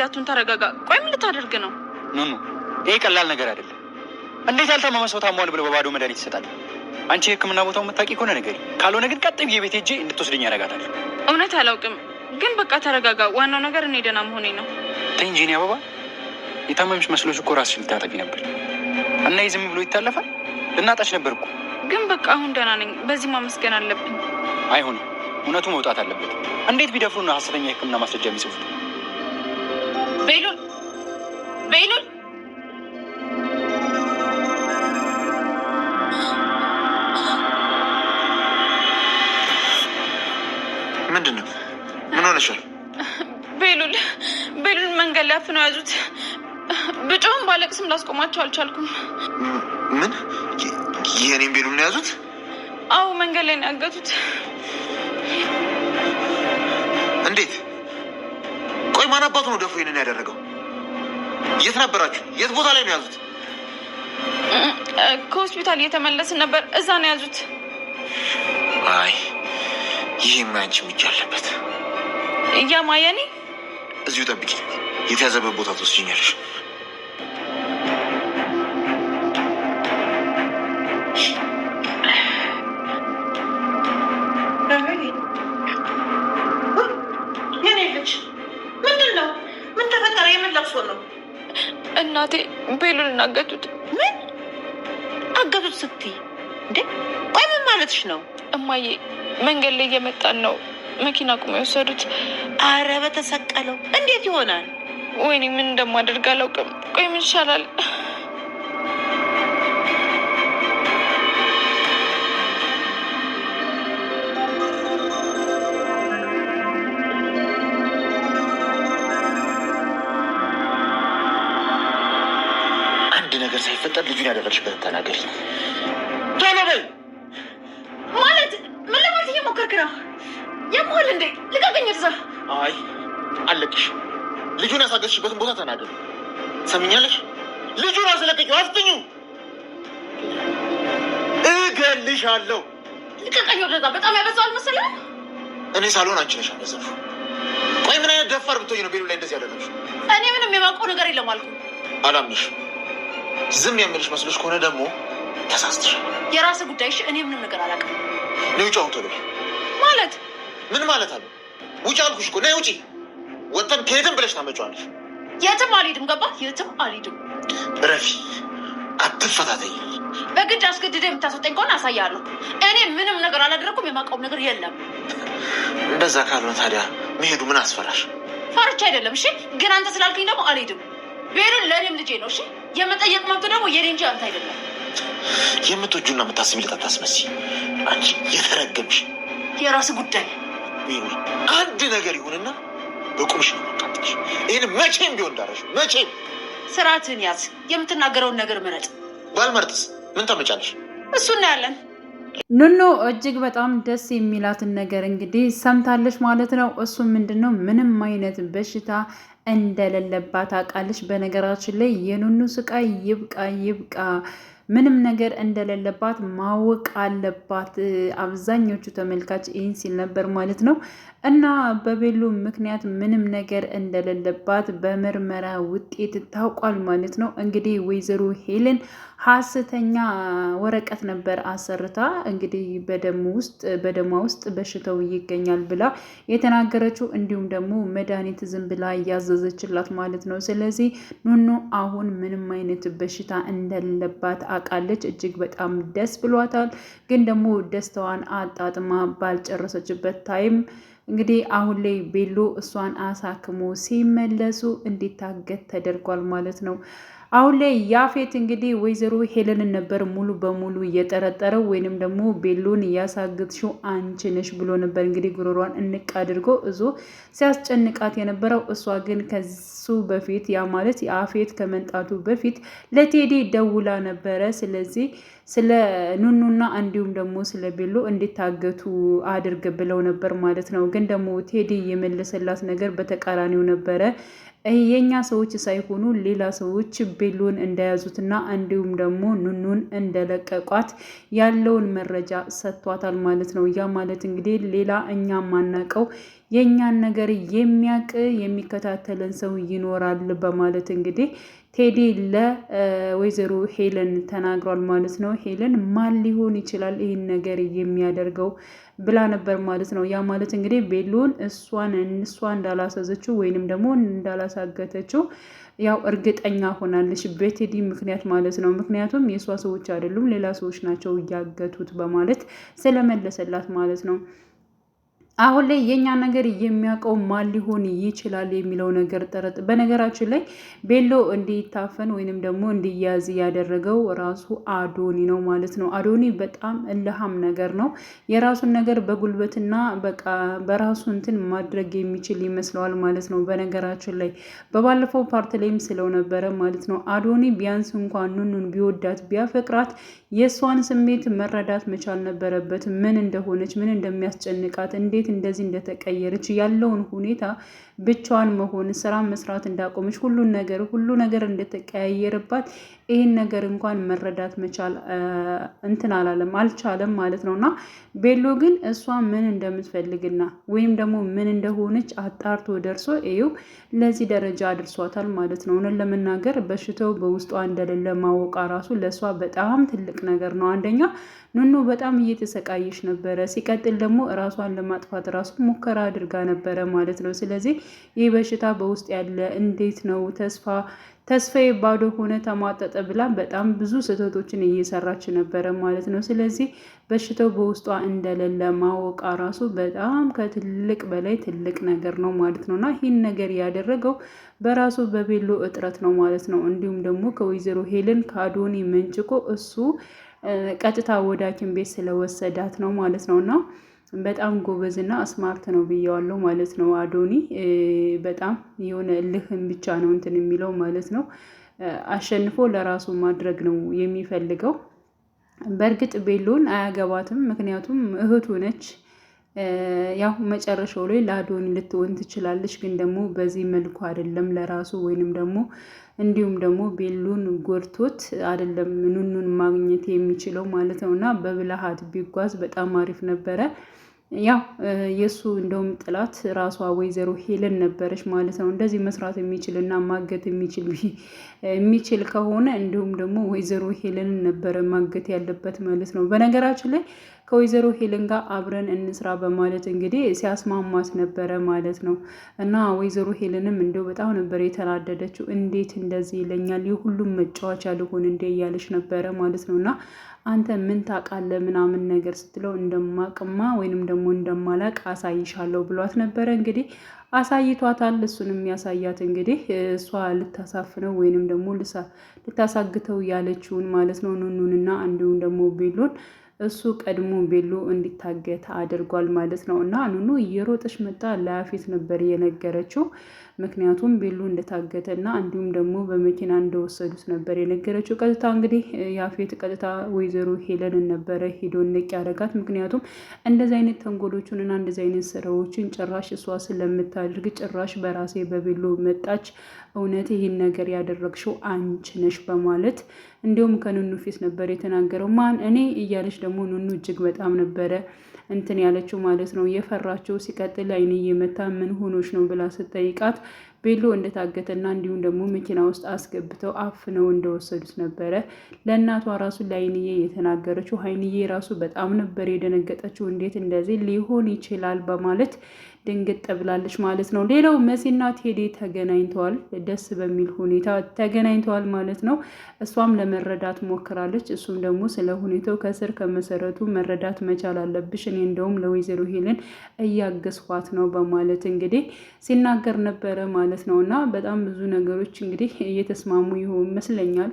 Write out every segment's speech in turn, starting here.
እንደዚህ አቱን ተረጋጋ። ቆይ ምን ልታደርግ ነው? ኑኑ ይሄ ቀላል ነገር አይደለም። እንዴት ያልታመመ ሰው ታሟል ብሎ በባዶ መድኃኒት ይሰጣል? አንቺ የህክምና ቦታው የምታውቂ ከሆነ ነገር፣ ካልሆነ ግን ቀጥ ብዬ ቤት ሄጄ እንድትወስደኝ ያደርጋታል። እውነት አላውቅም፣ ግን በቃ ተረጋጋ። ዋናው ነገር እኔ ደህና መሆኔ ነው። ተይ እንጂ እኔ አበባ፣ የታመምሽ መስሎች እኮ ራስሽን ልታጠቢ ነበር እና ይህ ዝም ብሎ ይታለፋል? ልናጣች ነበር እኮ። ግን በቃ አሁን ደህና ነኝ፣ በዚህ ማመስገን አለብኝ። አይሆንም፣ እውነቱ መውጣት አለበት። እንዴት ቢደፍሩ ነው ሀሰተኛ የህክምና ማስረጃ የሚጽፉት? በይሉል በይሉል ምንድን ነው? ምን ሆነሻል? በይሉል በይሉል መንገድ ላይ አፍነው ያዙት። ብጮህም ባለቅስም ላስቆማቸው አልቻልኩም። ምን የእኔም ቤሉል ነው የያዙት? አዎ መንገድ ላይ ነው ያገቱት። እንዴት ማን አባቱ ነው ደፍሮ ይህንን ያደረገው? የት ነበራችሁ? የት ቦታ ላይ ነው ያዙት? ከሆስፒታል እየተመለስን ነበር። እዛ ነው ያዙት። አይ ይህ ማንች እጅ አለበት። እያማየኔ ማየኔ እዚሁ ጠብቂ፣ የተያዘበት ቦታ ትወስጂኛለሽ። ደርሶ ነው። እናቴ ቤሉልን አገቱት። ምን አገቱት ስትይ እንዴ? ቆይ ምን ማለትሽ ነው እማዬ? መንገድ ላይ እየመጣን ነው መኪና ቁሞ የወሰዱት። አረ በተሰቀለው እንዴት ይሆናል? ወይኔ ምን እንደማደርግ አላውቅም። ቆይ ምን ይሻላል? በመፍጠር ልጁን ያደረግሽበትን ተናገሪ። ቶሎ በይ። ማለት ምን ለማለት እየሞከርክ ነው? የምል እንዴ ልቀቀኝ። እዛ አይ አለቅሽ። ልጁን ያሳገዝሽበትን ቦታ ተናገሪ። ሰምኛለሽ? ልጁን አስለቀቂው። አፍጥኙ። እገልሻለሁ። ልቀቀኝ። ወደዛ በጣም ያበዛዋል መሰለኝ። እኔ ሳልሆን አንቺ ነሽ አበዛሽው። ቆይ ምን አይነት ደፋር ብትሆኝ ነው ቤሉ ላይ እንደዚህ ያደረግሽ? እኔ ምንም የማውቀው ነገር የለም አልኩ። አላምንሽም ዝም የምልሽ መስሎች ከሆነ ደግሞ ተሳስተሽ። የራስ ጉዳይሽ። እኔ ምንም ነገር አላውቅም። እኔ ውጭ አሁን ቶሎ ማለት ምን ማለት አለ? ውጭ አልኩሽ እኮ ነይ ውጪ። ወጥተን ከየትም ብለሽ ታመጪዋለሽ። የትም አልሄድም። ገባ? የትም አልሄድም። ረፊ አትፈታተኝ። በግድ አስገድደ የምታስወጠኝ ከሆነ አሳያለሁ። እኔ ምንም ነገር አላደረኩም። የማቃወም ነገር የለም። እንደዛ ካልሆነ ታዲያ መሄዱ ምን አስፈራሽ? ፈርቻ አይደለም። እሺ፣ ግን አንተ ስላልክኝ ደግሞ አልሄድም። ቤሉል ለእኔም ልጄ ነው። እሺ የመጠየቅ መብት ደግሞ የኔ እንጂ አንተ አይደለም። የምትወጁና የምታስቢለት አታስመስይ። አንቺ የተረገምሽ የራስ ጉዳይ። አንድ ነገር ይሁንና በቁምሽ ነው መቃጠች። ይህን መቼም ቢሆን ዳረሽ፣ መቼም ስርዓትን ያዝ። የምትናገረውን ነገር ምረጥ። ባልመርጥስ ምን ታመጫለሽ? እሱ እናያለን። ኑኑ እጅግ በጣም ደስ የሚላትን ነገር እንግዲህ ሰምታለች ማለት ነው። እሱ ምንድን ነው? ምንም አይነት በሽታ እንደሌለባት አውቃለች። በነገራችን ላይ የኑኑ ስቃይ ይብቃ ይብቃ ምንም ነገር እንደሌለባት ማወቅ አለባት። አብዛኞቹ ተመልካች ይህን ሲል ነበር ማለት ነው። እና በቤሉ ምክንያት ምንም ነገር እንደሌለባት በምርመራ ውጤት ታውቋል ማለት ነው። እንግዲህ ወይዘሮ ሄልን ሀሰተኛ ወረቀት ነበር አሰርታ እንግዲህ በደሙ ውስጥ በደሟ ውስጥ በሽታው ይገኛል ብላ የተናገረችው እንዲሁም ደግሞ መድኃኒት ዝም ብላ እያዘዘችላት ማለት ነው። ስለዚህ ኑኑ አሁን ምንም አይነት በሽታ እንደሌለባት አውቃለች። እጅግ በጣም ደስ ብሏታል። ግን ደግሞ ደስታዋን አጣጥማ ባልጨረሰችበት ታይም እንግዲህ አሁን ላይ ቤሎ እሷን አሳክሞ ሲመለሱ እንዲታገት ተደርጓል ማለት ነው። አሁን ላይ ያፌት እንግዲህ ወይዘሮ ሄለንን ነበር ሙሉ በሙሉ እየጠረጠረው ወይንም ደግሞ ቤሎን እያሳግጥሽው አንቺ ነሽ ብሎ ነበር እንግዲህ ጉሮሯን እንቅ አድርጎ እዞ ሲያስጨንቃት የነበረው። እሷ ግን ከሱ በፊት ያ ማለት የአፌት ከመንጣቱ በፊት ለቴዲ ደውላ ነበረ። ስለዚህ ስለ ኑኑና እንዲሁም ደግሞ ስለ ቤሎ እንዲታገቱ አድርግ ብለው ነበር ማለት ነው። ግን ደግሞ ቴዲ የመለሰላት ነገር በተቃራኒው ነበረ። የእኛ ሰዎች ሳይሆኑ ሌላ ሰዎች ቤሎን እንደያዙትና እንዲሁም ደግሞ ኑኑን እንደለቀቋት ያለውን መረጃ ሰጥቷታል ማለት ነው። ያ ማለት እንግዲህ ሌላ እኛ ማናቀው የእኛን ነገር የሚያቅ የሚከታተለን ሰው ይኖራል በማለት እንግዲህ ቴዲ ለወይዘሮ ሄለን ተናግሯል ማለት ነው። ሄለን ማን ሊሆን ይችላል ይህን ነገር የሚያደርገው ብላ ነበር ማለት ነው። ያ ማለት እንግዲህ ቤሎን እሷን እሷ እንዳላሳዘችው ወይንም ደግሞ እንዳላሳገተችው ያው እርግጠኛ ሆናለች በቴዲ ምክንያት ማለት ነው። ምክንያቱም የእሷ ሰዎች አይደሉም ሌላ ሰዎች ናቸው እያገቱት በማለት ስለመለሰላት ማለት ነው። አሁን ላይ የኛ ነገር የሚያውቀው ማን ሊሆን ይችላል የሚለው ነገር ጠረጥ በነገራችን ላይ ቤሎ እንዲታፈን ወይንም ደግሞ እንዲያዝ ያደረገው ራሱ አዶኒ ነው ማለት ነው። አዶኒ በጣም እልሃም ነገር ነው። የራሱን ነገር በጉልበትና በቃ በራሱ እንትን ማድረግ የሚችል ይመስለዋል ማለት ነው። በነገራችን ላይ በባለፈው ፓርት ላይም ስለው ነበረ ማለት ነው። አዶኒ ቢያንስ እንኳን ኑኑን ቢወዳት ቢያፈቅራት የእሷን ስሜት መረዳት መቻል ነበረበት። ምን እንደሆነች፣ ምን እንደሚያስጨንቃት እንዴት እንደዚህ እንደተቀየረች ያለውን ሁኔታ ብቻዋን መሆን ስራ መስራት እንዳቆመች ሁሉን ነገር ሁሉ ነገር እንደተቀያየረባት ይህን ነገር እንኳን መረዳት መቻል እንትን አላለም አልቻለም ማለት ነው። እና ቤሎ ግን እሷ ምን እንደምትፈልግና ወይም ደግሞ ምን እንደሆነች አጣርቶ ደርሶ ይኸው ለዚህ ደረጃ አድርሷታል ማለት ነው። እውነት ለመናገር በሽታው በውስጧ እንደሌለ ማወቃ ራሱ ለእሷ በጣም ትልቅ ነገር ነው። አንደኛ ኑኖ በጣም እየተሰቃየች ነበረ። ሲቀጥል ደግሞ እራሷን ለማጥፋት ለማጥፋት ራሱ ሙከራ አድርጋ ነበረ ማለት ነው። ስለዚህ ይህ በሽታ በውስጥ ያለ እንዴት ነው ተስፋ ተስፋዬ ባዶ ሆነ ተሟጠጠ ብላ በጣም ብዙ ስህተቶችን እየሰራች ነበረ ማለት ነው። ስለዚህ በሽታው በውስጧ እንደሌለ ማወቃ ራሱ በጣም ከትልቅ በላይ ትልቅ ነገር ነው ማለት ነው እና ይህን ነገር ያደረገው በራሱ በቤሎ እጥረት ነው ማለት ነው። እንዲሁም ደግሞ ከወይዘሮ ሄልን ከአዶኒ መንጭቆ እሱ ቀጥታ ወደ ሐኪም ቤት ስለወሰዳት ነው ማለት ነው እና በጣም ጎበዝና ስማርት ነው ብየዋለው ማለት ነው። አዶኒ በጣም የሆነ ልህን ብቻ ነው እንትን የሚለው ማለት ነው። አሸንፎ ለራሱ ማድረግ ነው የሚፈልገው። በእርግጥ ቤሎን አያገባትም፣ ምክንያቱም እህቱ ነች። ያው መጨረሻው ላይ ለአዶኒ ልትሆን ትችላለች፣ ግን ደግሞ በዚህ መልኩ አይደለም ለራሱ ወይንም ደግሞ እንዲሁም ደግሞ ቤሎን ጎድቶት አይደለም ኑኑን ማግኘት የሚችለው ማለት ነው። እና በብልሃት ቢጓዝ በጣም አሪፍ ነበረ። ያው የእሱ እንደውም ጥላት ራሷ ወይዘሮ ሄለን ነበረች ማለት ነው። እንደዚህ መስራት የሚችል እና ማገት የሚችል የሚችል ከሆነ እንዲሁም ደግሞ ወይዘሮ ሄለንን ነበረ ማገት ያለበት ማለት ነው። በነገራችን ላይ ከወይዘሮ ሄለን ጋር አብረን እንስራ በማለት እንግዲህ ሲያስማማት ነበረ ማለት ነው። እና ወይዘሮ ሄለንም እንደው በጣም ነበር የተናደደችው። እንዴት እንደዚህ ይለኛል የሁሉም መጫወቻ ልሆን እንዴ እያለች ነበረ ማለት ነው። እና አንተ ምን ታውቃለህ ምናምን ነገር ስትለው እንደማቅማ ወይንም ደግሞ እንደማላቅ አሳይሻለሁ ብሏት ነበረ እንግዲህ አሳይቷታል። እሱን የሚያሳያት እንግዲህ እሷ ልታሳፍነው ወይንም ደግሞ ልታሳግተው ያለችውን ማለት ነው ኑኑንና እንዲሁም ደግሞ ቤሎን እሱ ቀድሞ ቤሎ እንዲታገት አድርጓል ማለት ነው። እና ኑኑ እየሮጠች መጣ ለያፌት ነበር የነገረችው። ምክንያቱም ቤሎ እንደታገተ እና እንዲሁም ደግሞ በመኪና እንደወሰዱት ነበር የነገረችው። ቀጥታ እንግዲህ ያፌት ቀጥታ ወይዘሮ ሄለንን ነበረ ሄዶ ንቅ ያደረጋት። ምክንያቱም እንደዚ አይነት ተንጎሎችን እና እንደዚ አይነት ስራዎችን ጭራሽ እሷ ስለምታደርግ ጭራሽ በራሴ በቤሎ መጣች እውነት ይህን ነገር ያደረግሽው አንቺ ነሽ በማለት እንዲሁም ከኑኑ ፊት ነበር የተናገረው። ማን እኔ እያለች ደግሞ ኑኑ እጅግ በጣም ነበረ እንትን ያለችው ማለት ነው የፈራችው። ሲቀጥል አይን እየመታ ምን ሆኖች ነው ብላ ስጠይቃት ቤሎ እንደታገተና እንዲሁም ደግሞ መኪና ውስጥ አስገብተው አፍነው እንደወሰዱት ነበረ። ለእናቷ ራሱ ለአይንዬ የተናገረችው አይንዬ ራሱ በጣም ነበር የደነገጠችው። እንዴት እንደዚህ ሊሆን ይችላል በማለት ድንግጥ ብላለች ማለት ነው። ሌላው መሲና ቴዴ ተገናኝተዋል። ደስ በሚል ሁኔታ ተገናኝተዋል ማለት ነው። እሷም ለመረዳት ሞክራለች። እሱም ደግሞ ስለ ሁኔታው ከስር ከመሰረቱ መረዳት መቻል አለብሽ፣ እኔ እንደውም ለወይዘሮ ሄለን እያገዝኳት ነው በማለት እንግዲህ ሲናገር ነበረ ማለት ማለት ነው። እና በጣም ብዙ ነገሮች እንግዲህ እየተስማሙ ይሆን ይመስለኛል።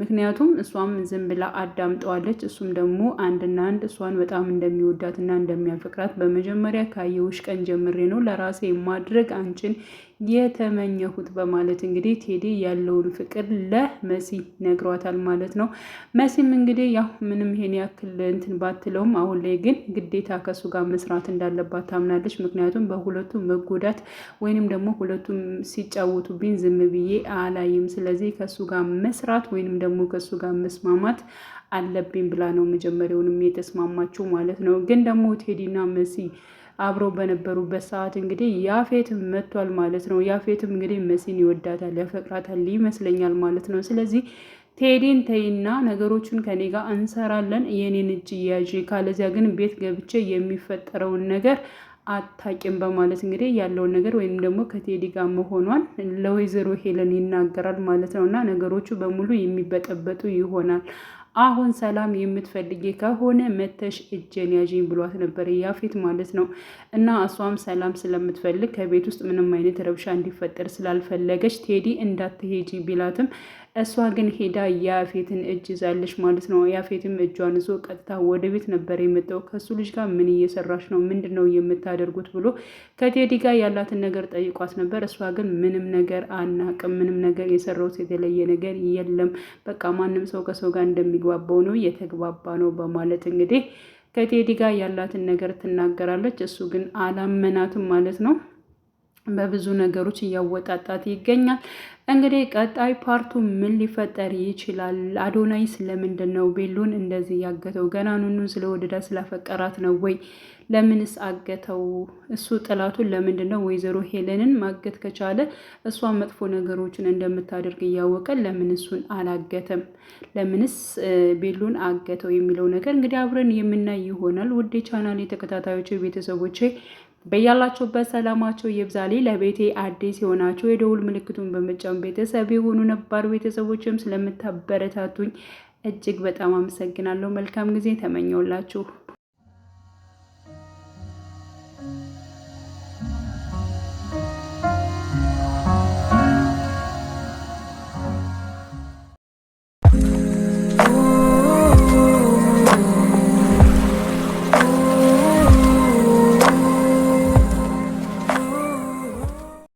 ምክንያቱም እሷም ዝም ብላ አዳምጠዋለች። እሱም ደግሞ አንድና አንድ እሷን በጣም እንደሚወዳትና እንደሚያፈቅራት በመጀመሪያ ካየውሽ ቀን ጀምሬ ነው ለራሴ ማድረግ አንቺን የተመኘሁት በማለት እንግዲህ ቴዲ ያለውን ፍቅር ለመሲ ነግሯታል ማለት ነው። መሲም እንግዲህ ያው ምንም ይሄን ያክል እንትን ባትለውም አሁን ላይ ግን ግዴታ ከሱ ጋር መስራት እንዳለባት ታምናለች። ምክንያቱም በሁለቱ መጎዳት ወይንም ደግሞ ሁለቱም ሲጫወቱብኝ ዝም ብዬ አላይም። ስለዚህ ከሱ ጋር መስራት ወይንም ደግሞ ከሱ ጋር መስማማት አለብኝ ብላ ነው መጀመሪያውንም የተስማማችው ማለት ነው። ግን ደግሞ ቴዲና መሲ አብረው በነበሩበት ሰዓት እንግዲህ ያፌትም መጥቷል ማለት ነው። ያፌትም እንግዲህ መሲን ይወዳታል፣ ያፈቅራታል ይመስለኛል ማለት ነው። ስለዚህ ቴዲን ተይና ነገሮቹን ከኔ ጋር እንሰራለን፣ የኔን እጅ እያዥ፣ ካለዚያ ግን ቤት ገብቼ የሚፈጠረውን ነገር አታቂም በማለት እንግዲህ ያለውን ነገር ወይም ደግሞ ከቴዲ ጋር መሆኗን ለወይዘሮ ሄለን ይናገራል ማለት ነው። እና ነገሮቹ በሙሉ የሚበጠበጡ ይሆናል። አሁን ሰላም የምትፈልጊ ከሆነ መተሽ እጄን ያዥኝ ብሏት ነበር ያፌት ማለት ነው። እና እሷም ሰላም ስለምትፈልግ ከቤት ውስጥ ምንም አይነት ረብሻ እንዲፈጠር ስላልፈለገች ቴዲ እንዳትሄጂ ቢላትም እሷ ግን ሄዳ ያፌትን እጅ ይዛለች ማለት ነው። ያፌትም እጇን ይዞ ቀጥታ ወደ ቤት ነበር የመጣው። ከሱ ልጅ ጋር ምን እየሰራች ነው? ምንድን ነው የምታደርጉት? ብሎ ከቴዲ ጋር ያላትን ነገር ጠይቋት ነበር። እሷ ግን ምንም ነገር አናቅም፣ ምንም ነገር የሰራሁት የተለየ ነገር የለም፣ በቃ ማንም ሰው ከሰው ጋር እንደሚግባባው ነው የተግባባ ነው በማለት እንግዲህ ከቴዲ ጋር ያላትን ነገር ትናገራለች። እሱ ግን አላመናትም ማለት ነው። በብዙ ነገሮች እያወጣጣት ይገኛል። እንግዲህ ቀጣይ ፓርቱ ምን ሊፈጠር ይችላል? አዶናይስ ስለምንድን ነው ቤሎን እንደዚህ ያገተው? ገና ኑኑ ስለወደዳ ስላፈቀራት ነው ወይ? ለምንስ አገተው? እሱ ጥላቱን ለምንድን ነው? ወይዘሮ ሄለንን ማገት ከቻለ እሷ መጥፎ ነገሮችን እንደምታደርግ እያወቀ ለምን እሱን አላገተም? ለምንስ ቤሎን አገተው የሚለው ነገር እንግዲህ አብረን የምናይ ይሆናል። ውድ የቻናል የተከታታዮች ቤተሰቦቼ በያላችሁበት ሰላማቸው የብዛሌ ለቤቴ አዲስ የሆናችሁ የደውል ምልክቱን በመጫን ቤተሰብ የሆኑ ነባር ቤተሰቦችም ስለምታበረታቱኝ እጅግ በጣም አመሰግናለሁ። መልካም ጊዜ ተመኘውላችሁ።